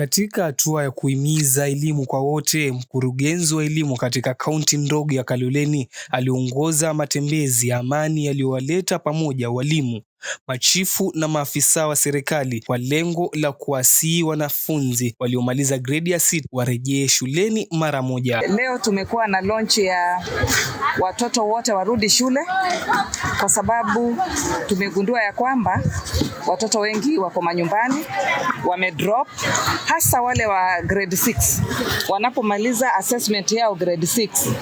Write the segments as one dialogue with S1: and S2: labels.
S1: Katika hatua ya kuhimiza elimu kwa wote, mkurugenzi wa elimu katika kaunti ndogo ya Kaloleni aliongoza matembezi ya amani yaliyowaleta pamoja walimu, machifu na maafisa wa serikali kwa lengo la kuwasihi wanafunzi waliomaliza gredi ya sita warejee shuleni mara moja.
S2: Leo tumekuwa na launch ya watoto wote warudi shule, kwa sababu tumegundua ya kwamba watoto wengi wako manyumbani, wamedrop, hasa wale wa grade 6 wanapomaliza assessment yao grade 6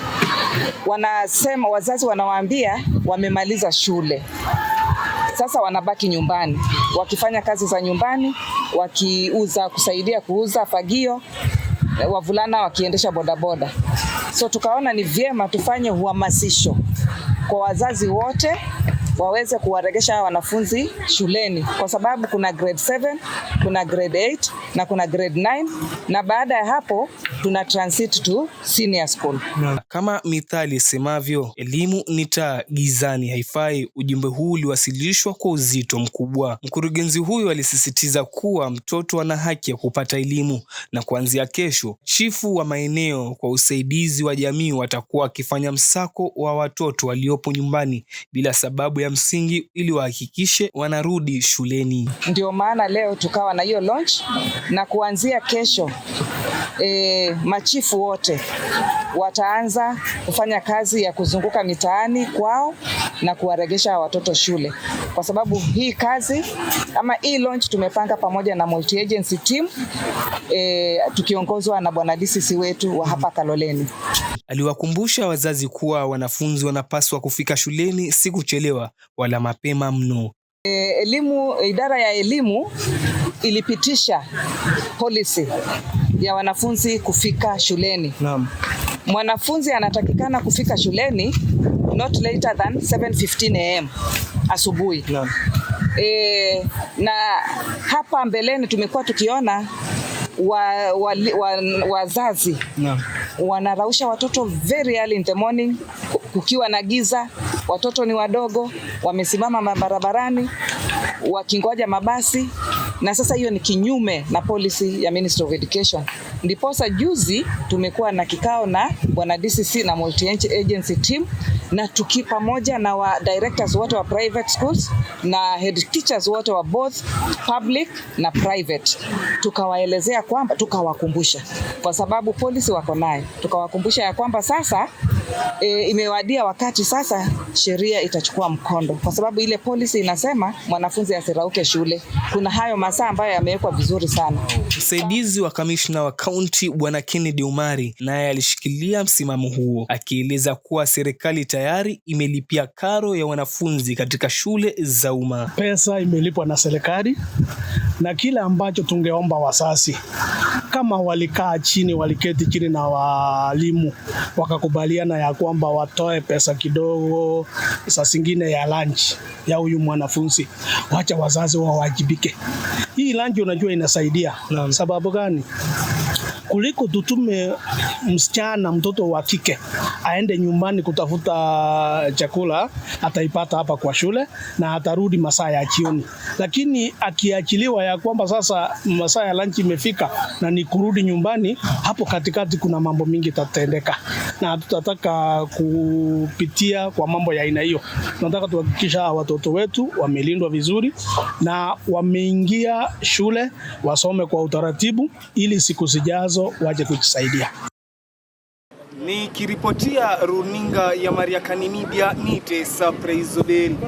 S2: wanasema, wazazi wanawaambia wamemaliza shule sasa wanabaki nyumbani wakifanya kazi za nyumbani, wakiuza, kusaidia kuuza fagio, wavulana wakiendesha bodaboda. So tukaona ni vyema tufanye uhamasisho kwa wazazi wote waweze kuwaregesha wanafunzi shuleni, kwa sababu kuna grade 7, kuna grade 8 na kuna grade 9, na baada ya hapo tuna transit to senior school.
S1: Kama mithali isemavyo, elimu ni taa gizani haifai. Ujumbe huu uliwasilishwa kwa uzito mkubwa. Mkurugenzi huyu alisisitiza kuwa mtoto ana haki ya kupata elimu, na kuanzia kesho chifu wa maeneo kwa usaidizi wa jamii watakuwa wakifanya msako wa watoto waliopo nyumbani bila sababu ya ya msingi ili wahakikishe wanarudi shuleni.
S2: Ndio maana leo tukawa na hiyo launch na kuanzia kesho e, machifu wote wataanza kufanya kazi ya kuzunguka mitaani kwao na kuwaregesha watoto shule, kwa sababu hii kazi ama hii launch tumepanga pamoja na multi agency team e, tukiongozwa na Bwana DCC wetu wa hapa Kaloleni.
S1: Aliwakumbusha wazazi kuwa wanafunzi wanapaswa kufika shuleni si kuchelewa wala mapema mno.
S2: E, elimu, idara ya elimu ilipitisha policy ya wanafunzi kufika shuleni. Naam. Mwanafunzi anatakikana kufika shuleni not later than 7:15 am asubuhi. Naam. E, na hapa mbeleni tumekuwa tukiona wazazi wa, wa, wa, wa wanarausha watoto very early in the morning, kukiwa na giza, watoto ni wadogo, wamesimama barabarani wakingoja mabasi na sasa hiyo ni kinyume na policy ya Ministry of Education. Ndiposa juzi tumekuwa na kikao na bwana DCC na multi agency team na tuki pamoja na wa directors wote wa private schools na head teachers wote wa both public na private, tukawaelezea kwamba, tukawakumbusha kwa sababu policy wako nayo, tukawakumbusha ya kwamba sasa e, imewadia wakati sasa sheria itachukua mkondo, kwa sababu ile policy inasema mwanafunzi asirauke shule. Kuna hayo masaa ambayo yamewekwa vizuri sana.
S1: Msaidizi wa kamishna wa kaunti Bwana Kennedy Umari naye alishikilia msimamo huo, akieleza kuwa serikali tayari imelipia karo ya wanafunzi katika shule za umma.
S3: Pesa imelipwa na serikali na kile ambacho tungeomba wasasi kama walikaa chini, waliketi chini na walimu wakakubaliana ya kwamba watoe pesa kidogo, saa zingine ya lunch ya huyu mwanafunzi. Wacha wazazi wawajibike. Hii lunch unajua inasaidia. Naam. Sababu gani? kuliko tutume msichana mtoto wa kike aende nyumbani kutafuta chakula, ataipata hapa kwa shule na atarudi masaa ya jioni. Lakini akiachiliwa ya kwamba sasa masaa ya lunch imefika na ni kurudi nyumbani, hapo katikati kuna mambo mingi tatendeka, na hatutataka kupitia kwa mambo ya aina hiyo. Tunataka tuhakikisha watoto wetu wamelindwa vizuri na wameingia shule wasome kwa utaratibu ili siku zijazo uwezo waje kujisaidia. Nikiripotia runinga ya Mariakani Media, nite Sapreizo Deli.